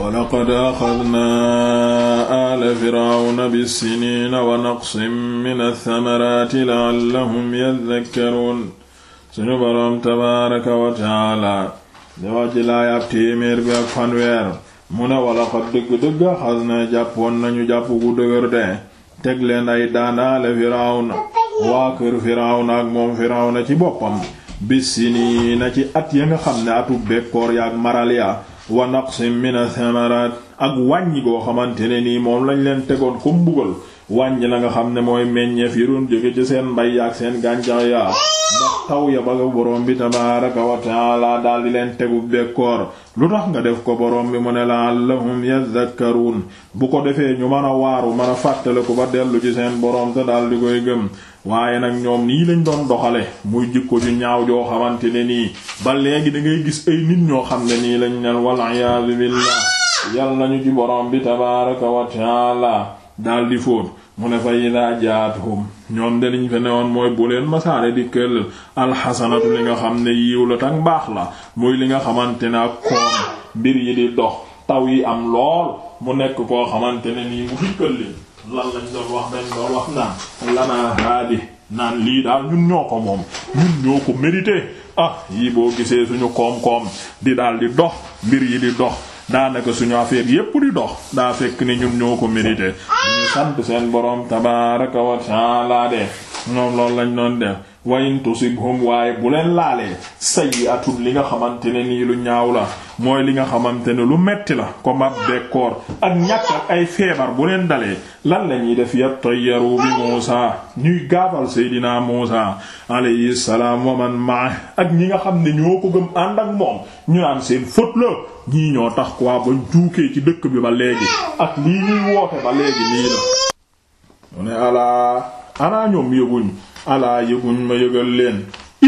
walaqad axadnaa aala firawna bissiniina wa naqsin min athamaraati la'allahum yadhakkaruun suñu boroom tabaaraka wa taala di wax ci ab téeméer bi ak fanweer mu ne walaqad dëgg-dëgg axadnaa jàpp woon nañu jàpp gu dëgër de teg leen ay daan aala firawna waa kër firawna ak moom firawna ci boppam bissiniina ci at ya nga xam ne atub bekkoor yaak maral ya wa naqsin min athamarat ak wàññi koo xamante ne nii moom lañ leen tegoon ko mbugal wàññi la nga xam ne mooy meññeef yi doon jóge ci seen mbay ak seen gàncax yaa ndax taw ya ba nga borom bi tabaaraka wa taala daal di leen tegu bekkoor lu tax nga def ko borom bi mu ne la la'allahum yadhakkarun bu ko defee ñu mën a waaru mën a fàttaliku ba dellu ci seen borom te daal di koy gëm waaye nag ñoom nii lañ doon doxale muy jikko ju ñaaw joo xamante ne nii ba léegi da ngay gis ay nit ñoo xam ne nii lañ nel wal iyaadu billah yal nañu ci borom bi tabaaraka wa taala daal di fóot mu ne fa idaa jaatuhum ñoom de liñ fe newoon mooy bu leen masaane di këll alxasanatu li nga xam ne yiw la tak baax la muy li nga xamante ne ak koom mbir yi di dox taw yi am lool mu nekk koo xamante ne nii mu dikkal leen lan lañ doon wax dañ doon wax naan lanaa haadi naan lii daal ñun ñoo ko moom ñun ñoo ko mérité ah yi boo gisee suñu koom-koom di daal di dox mbir yi di dox daanaka suñu affaire yépp di dox daa fekk ni ñun ñoo ko mérité ñu sant seen boroom tabaaraka wa ta'aala de ñoom loolu lañ doon de wa in tusibhum waaye bu leen laalee sayyi'atun li nga xamante ne nii lu ñaaw la mooy li nga xamante ne lu metti la comme ab bekkoor ak ñàkk ak ay feebar bu leen dalee lan la ñuy def yattayaru bi Muusa ñuy gaabal Seydina Muusa alayhi salaam wa man maa ak ñi nga xam ne ñoo ko gëm ànd ak moom ñu naan seen faute la ñii ñoo tax quoi ba juukee ci dëkk bi ba léegi ak lii ñuy woote ba léegi nii la mu ne alaa anaa ñoom yëguñ alaa yëguñ ma yëgal leen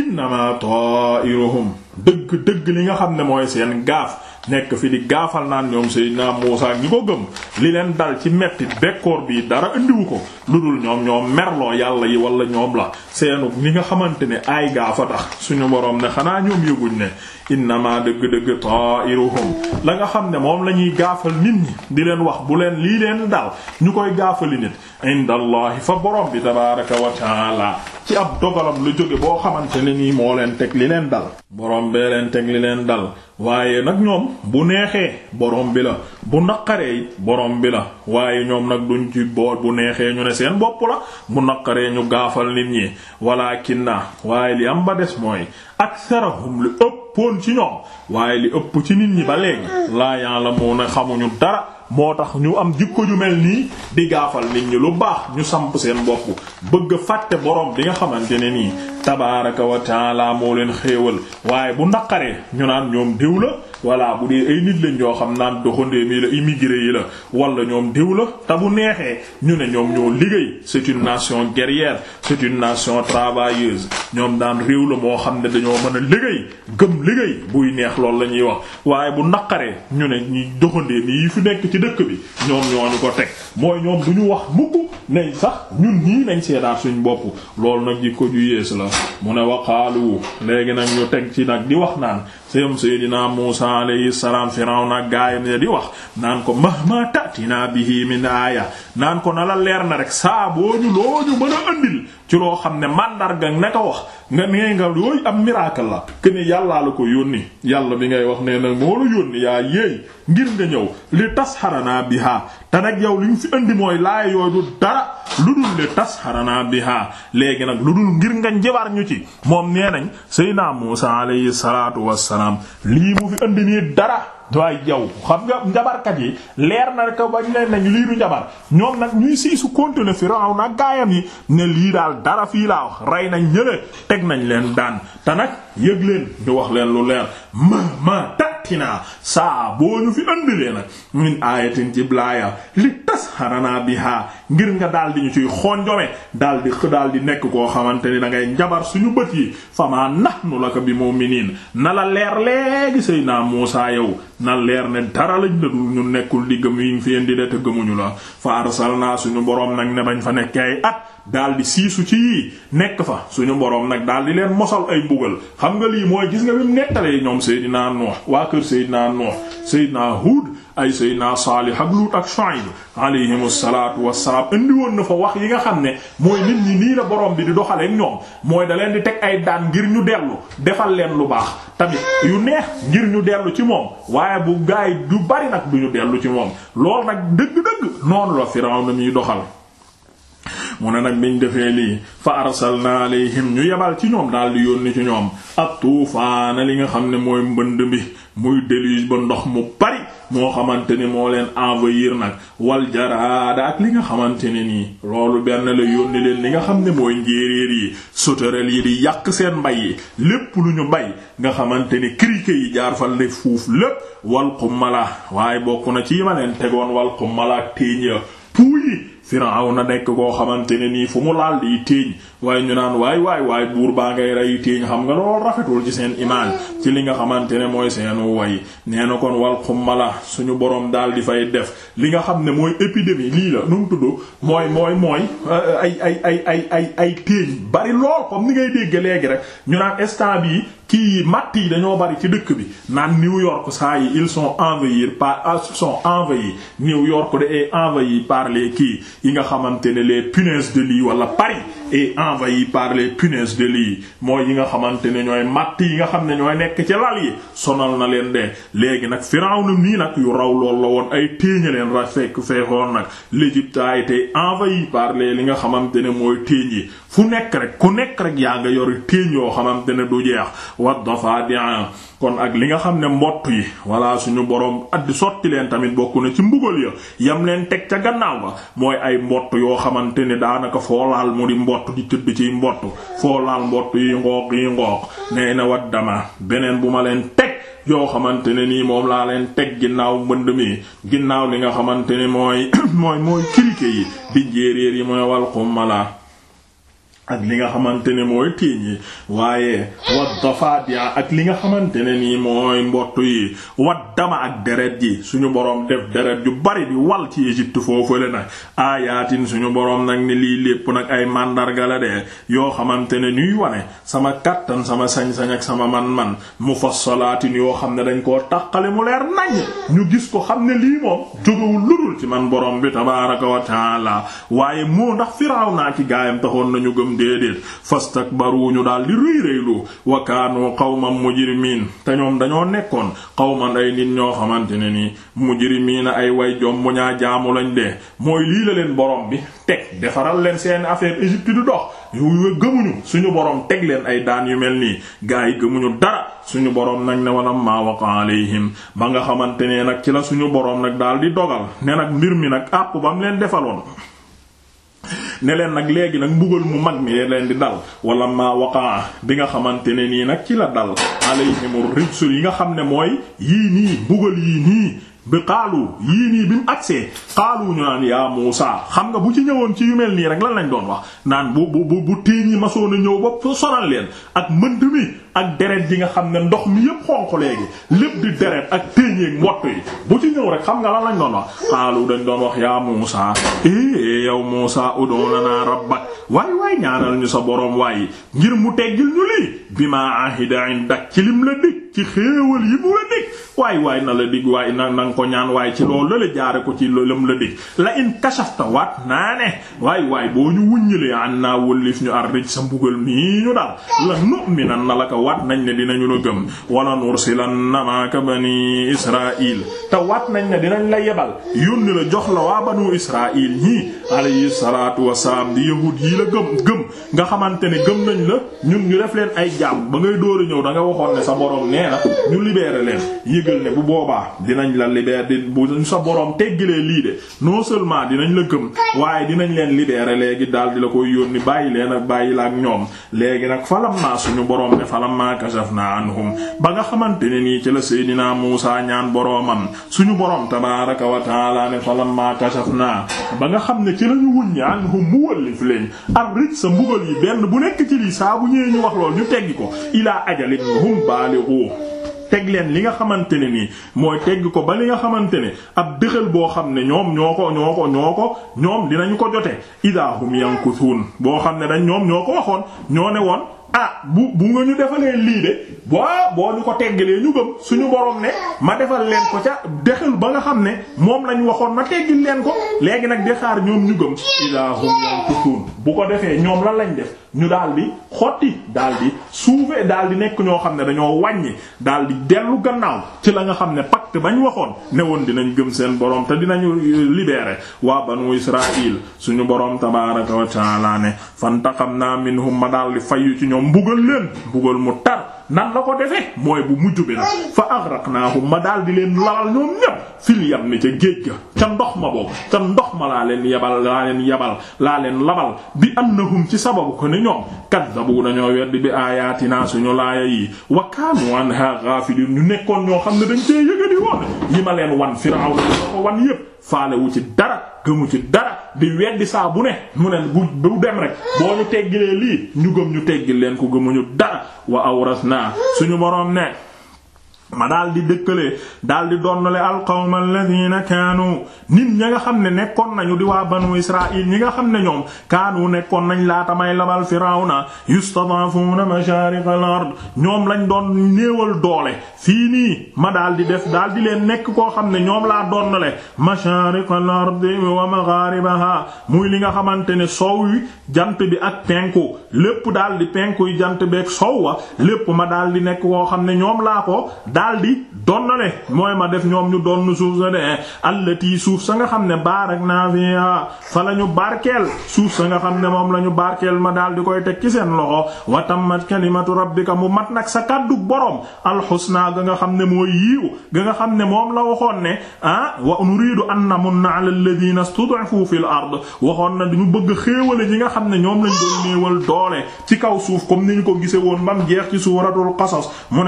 innama ta'iruhum dëgg dëgg li nga xam ne mooy seen gaaf nekk fi di gaafal naan ñoom Seydina Muusaa ñi ko gëm li leen dal ci metti bekkoor bii dara indiwu ko lu dul ñoom ñoom merloo yàlla yi wala ñoom la seenu ni nga xamante ne ay gaafa tax suñu boroom ne xanaa ñoom yëguñ ne innama dëgg-dëgg ta'iruhum la nga xam ne moom la ñuy gaafal nit ñi di leen wax bu leen lii leen dal ñu koy gaafali nit inda fa borom bi tabaraka wa taala ci ab dogalam lu jóge boo xamante ne nii moo leen teg li leen dal borom bee leen teg li leen dal waaye nag ñoom bu neexee borom bi la bu naqaree it borom bi la waaye ñoom nag duñ ci boor bu neexee ñu ne seen bopp la mu naqaree ñu gaafal nit ñi walaakin na waaye li am ba des mooy aksarahum li ëppoon ci ñoom waaye li ëpp ci nit ñi ba la laa ya'lamuna xamuñu dara moo tax ñu am jikko ju mel nii di gaafal nit ñi lu baax ñu samp seen bopp bëgg a fàtte borom bi nga xamante ne nii tabaaraka wa taala moo leen xéewal waaye bu naqaree ñu naan ñoom diw la voilà bu dee ay nit lañ yoo xam naan doxandéem yi la immigré yi la wala ñoom déw la te bu neexee ñu ne ñoom ñoo liggéey c'est une nation guerrière c'est une nation travailleuse ñoom daan réew la moo xam ne dañoo mën a liggéey gëm liggéey buy neex loolu la ñuy wax waaye dëkk bi ñoom ñoo ñu ko teg mooy ñoom du ñu wax mukk nañ sax ñun ñii nañ seedaat suñ bopp loolu nag jikko ju yées la mu ne waqaalu léegi nag ñu teg ci nag di wax naan sëyam Seydina Muusaa alayhi salaam Firawna ak gaayam ne di wax naan ko mahma tatina bihi min aaya naan ko na leer na rek saaboo boo ñu loo ñu mën a andil ci loo xam ne màndarga na ko wax nga nee nga yooyu am miracle la que yàllaa la ko yónni yàlla bi ngay wax nee na moo la yónni yaa yéey ngir nga ñëw li tasxarana biha te nag yow li ñu fi andi mooy laay yooyu du dara lu dul li tasxarana biha léegi nag lu dul ngir nga njibar ñu ci moom nee salaam lii mu fi andi nii dara waaye jaw xam nga njabarkat yi leer na rek bañ leen nañ lii du njabar ñoom nag ñuy sii su continuer Firawna ak gaayam yi ne lii daal dara fii laa wax rey nañ ñële teg nañ leen daan te nag yëg leen ñu wax leen lu leer ma ma yaatinaa saa boo ñu fi andilee nag min aayatin ci blaaya li tas xaranaa biha ngir nga daal di ñu ciy xonjome daal di daal di nekk koo xamante ni da ngay njabar suñu bët yi famaa nahnu laka bi mu'miniin na la leer léegi sëy naa Muusaa yow na leer ne dara lañ la dul ñu nekkul di gëm yi ngi fi di de te gëmuñu la fa arsalna suñu boroom nag ne bañ fa nekkee ay at daal di siisu ci yii nekk fa suñu boroom nag daal di leen mosal ay mbugal xam nga lii mooy gis nga bi mu nettalee ñoom Seydina Nuux waa kër Seydina Nuux Seydina Huud ay sayyidina Saalih ak Luut ak Shuayb alayhimu salaatu wassalaam indi na fa wax yi nga xam ne mooy nit ñi nii la borom bi di doxaleek ñoom mooy daleen di teg ay daan ngir ñu dellu defal leen lu baax tamit yu neex ngir ñu dellu ci moom waaye bu gaay du bari nag du ñu dellu ci moom loolu nag dëgg-dëgg noonu la Firawna mi doxal mu ne nag biñ defee lii fa arsalna alayhim ñu yebal ci ñoom daal di yónni ci ñoom at tuufaana li nga xam ne mooy mbënd bi ndox mu bari moo xamante ni moo leen envoyer nag wal jaraada ak li nga xamante ne nii loolu benn la yónni leen li nga xam ne mooy njéeréer yi sauterelles yi di yàq seen mbay yi lépp lu ñu bay nga xamante ni criquet yi jaar fal ne fuuf lépp wal xummala waaye bokk na ci yima leen tegoon wal xummala ak téeñ ya puuyi na nekk koo xamante ne nii fu mu laal di téeñ waaye ñu naan waay waay waay buur baa ngay rey téeñ xam nga loolu rafetul ci seen image ci li nga xamante ne mooy seenu way nee na kon wal xummala suñu boroom daal di fay def li nga xam ne mooy épidémie lii la nu mu tudd mooy mooy mooy ay ay ay ay ay ay téeñ bari lool comme ni ngay dégg léegi rek ñu naan instant bii kii matt yi dañoo bari ci dëkk bi naan New York saa yi ils sont envahis par ah, son envahis New York de est envahi par les kii yi nga xamante ne les punaises de lit wala Paris et envahi par les punaises de lit mooy yi nga xamante ne ñooy matt yi nga xam ne ñooy nekk ci lal yi sonal na leen de léegi nag Firawna mii nag yu raw lool la woon ay téeña leen ra fekk feexoon nag l'Égypte a été envahi par li nga xamante ne mooy téeñ yi fu nekk rek ku nekk rek yaa nga yori téeñ yoo xamante ne du jeex wat wa dafadi'a kon ak li nga xam ne mbott yi walla suñu boroom addi sotti leen tamit bokk na ci mbugal ya yam leen teg ca gannaaw ba mooy ay mbott yoo xamante ne daanaka foolaal mu mbott di tëdd ciy mbott foo laal mbott yi ngooq yi ngooq nee na wat dama beneen bu ma leen teg yoo xamante ne nii moom laa leen teg ginnaaw mbënd mi ginnaaw li nga xamante ne mooy mooy kirike yi di jéeréer yi mooy wal xummala ak li nga xamante ne mooy tiiñ yi waaye wa ak li nga xamante ne nii mooy mbott yi wat dama ak deret ji suñu boroom def deret yu bari bi wal ci Égypte foofale nag aayaatin suñu boroom nag ni lii lépp nag ay màndarga la de yoo xamante ne ñuy wane sama kàttan sama sañ-sañ ak sama man-man mu mufassalaatin yoo xam ne dañ koo taqale mu leer nañ ñu gis ko xam ne lii moom jógawul ludul ci man boroom bi tabaaraka wa waaye moo ndax Firawna ci gaayam taxoon nañu gëm déedéet fastakbaru ñu daal di rëy rëylu wa kaanu qawman mujrimiin te ñoom dañoo nekkoon qawman ay nit ñoo xamante ne ni mujrimiina ay way jom ñaa jaamu lañ de mooy lii la leen borom bi teg defaral leen seen affaire Égypte du dox yu gëmuñu suñu borom teg leen ay daan yu mel nii gaa yi gëmuñu dara suñu borom nag ne wala maa waqa alayhim ba nga xamante ne nag ci la suñu borom nag daal di dogal ne nag mbir mi nag àpp bam leen defaloon ne leen nag léegi nag mbugal mu mag mi leen di dal wala maa waqaa bi nga xamante ne nii nag ci la dal alayhimur rijsul yi nga xam ne mooy yii nii mbugal yii nii bi xaalu yii nii bi mu agsee xaalu ñu naan yaa Muusa xam nga bu ci ñëwoon ci yu mel nii rek lan lañ doon wax naan bu bu bu téeñ ma masoon a ñëw ba sonal leen ak mënd mi ak deret ji nga xam ne ndox mi yépp xonq léegi lépp di deret ak téeñ yeeg mbott yi bu ci ñëw rek xam nga lan lañ doon wax xaalu dañ doon wax yaa Muusa eh yow Muusa ud'u lanaa rabbak waay waay ñaanal ñu sa boroom waay ngir mu teggil ñu lii bimaa ahida indak ci lim la dig ci xéewal yi mu la dig ko ñaan waaye ci loolu la la jaare ko ci lëlëm la dëj la in kashafta waat naa ne waay waay boo ñu wuññilee an naa wëllif ñu ar rij sa mbugal mii ñu dal la nu'minan na la ko waat nañ ne dinañu la gëm wala nursilanna maaka bani israil te waat nañ ne dinañ la yebal yónni la jox la waa banu israil ñii alayhi salatu wasalaam di yahud yi la gëm gëm nga xamante ne gëm nañ la ñun ñu def leen ay jaam ba ngay dóora ñëw da nga waxoon ne sa borom libérer di bu sa borom teggilee lii de non seulement dinañ la gëm waaye dinañ leen libérer léegi daal di la koy yónni bàyyi leen ak bàyyi la ak ñoom léegi nag falammaa suñu borom ne falammaa kashafnaa anhum ba nga xamante ne nii ci la Seydina Muusaa ñaan boromam suñu borom tabaaraka wa taala ne falammaa kashafnaa ba nga xam ne ci lañu wuññi anhum mu wëllif leen ar rijsa mbugal yi benn bu nekk ci lii saa bu ñëwee ñu wax lool ñu teggi ko ilaa teg leen li nga xamante ne nii mooy tegg ko ba li nga xamante ne ab dëxal boo xam ne ñoom ñoo ko ñoo ko ñoom dinañu ko jote jotee idahum suun boo xam ne dañ ñoom ñoo ko waxoon ñoo ne woon a ah, bu bu nga ñu defalee lii de boo boo ñu ko teggalee ñu gëm suñu boroom ne ma defal leen ko ca dexal ba nga xam ne moom lañ waxoon ma teggil leen ko léegi nag di xaar ñoom ñu gëm ilahum yankuthun bu ko defee ñoom lan lañ def ñu daal di xotti daal di suufee daal di nekk ñoo xam ne dañoo wàññi daal di dellu gannaaw ci la nga xam ne pacte bañ waxoon ne woon dinañ gëm seen borom te dinañu euh, libéré waa ba banu Israël suñu borom tabaaraka wa taala ne fantaqamna minhum ma daal di ci ñoom mbugal leen mbugal mu tar. nan la ko defee mooy bu mujj bi la fa aghraqnaahum ma daal di leen lawal ñoom ñépp fil yam ni ca géej ga ca ndox ma boobu ca ndox ma laa leen yabal laa leen yabal laa leen labal bi annahum ci sababu ko ne ñoom kaddabu dañoo weddi bi aayaatinaa suñu laaya yi wa kaanu anhaa ghaafiliin ñu nekkoon ñoo xam ne dañ cee yëgadi woon ma leen wan Firawna ko wan yépp faale wu ci dara gëmu dara di weddi saa bu ne mu ne bu bu dem rek boo ñu teggilee lii ñu gëm ñu teggil leen ko gëmuñu dara wa awras naa suñu boroom ne ma daal di dëkkale daal di donnale alqawma alladina kaanu nit ñi nga xam ne nekkoon nañu di waa banu israil ñi nga xam ne ñoom kaanu nekkoon nañ laa may labal firawna yustadafuna mashaariq al ard ñoom lañ doon néewal doole fii nii ma daal di def daal di leen nekk koo xam ne ñoom laa donnale mashaariq al ard wa magharibaha muy li nga xamante ne soow wi jant bi ak penku lépp daal di penku yi jant beeg sow wa lépp ma daal di nekk koo xam ne ñoom laa ko daldi donnale mooy ma def ñoom ñu donn suuf sa de allati suuf sa nga xam ne baarak naa fiha fa la ñu barkeel suuf sa nga xam ne moom la ñu barkeel ma daldi koy teg ci seen loxo wa tammat kalimatu rabbika mu mat nag sa kàddu boroom alxusna ga nga xam ne mooy yiiw ga nga xam ne moom la waxoon ne ah wa nuridu an namunna ala alladhina istud'ifu fil ard waxoon na duñu bëgg xéewale ñi nga xam ne ñoom lañ doon néewal doole ci kaw suuf comme ni ko gise woon bam jeex ci suratul qasas mu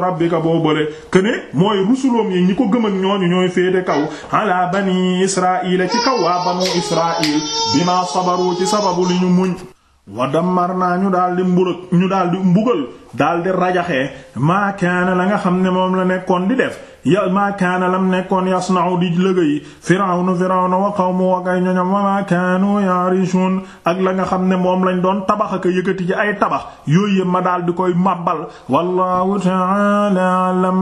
rabbika boo bële këne mooy rusuloom yi ñu ko gëm ak ñooñu ñooy féete kaw ala bani israila ci kaw waa banu israil bima sabaru ci sababu li ñu muñ wa dammar naa ñu daal di ñu daal di mbugal daal di rajaxee maa kaana la nga xam ne moom la nekkoon di def ya maa kaana lam nekkoon yasna'u di lëgëy firawnu firawnu wa qawmu wa kay ñoñom wa maa kaanu yarishun ak la nga xam ne moom lañ doon tabax ak yëkkati ci ay tabax yooyu yëpp ma daal di koy màbbal wallahu ta'ala alam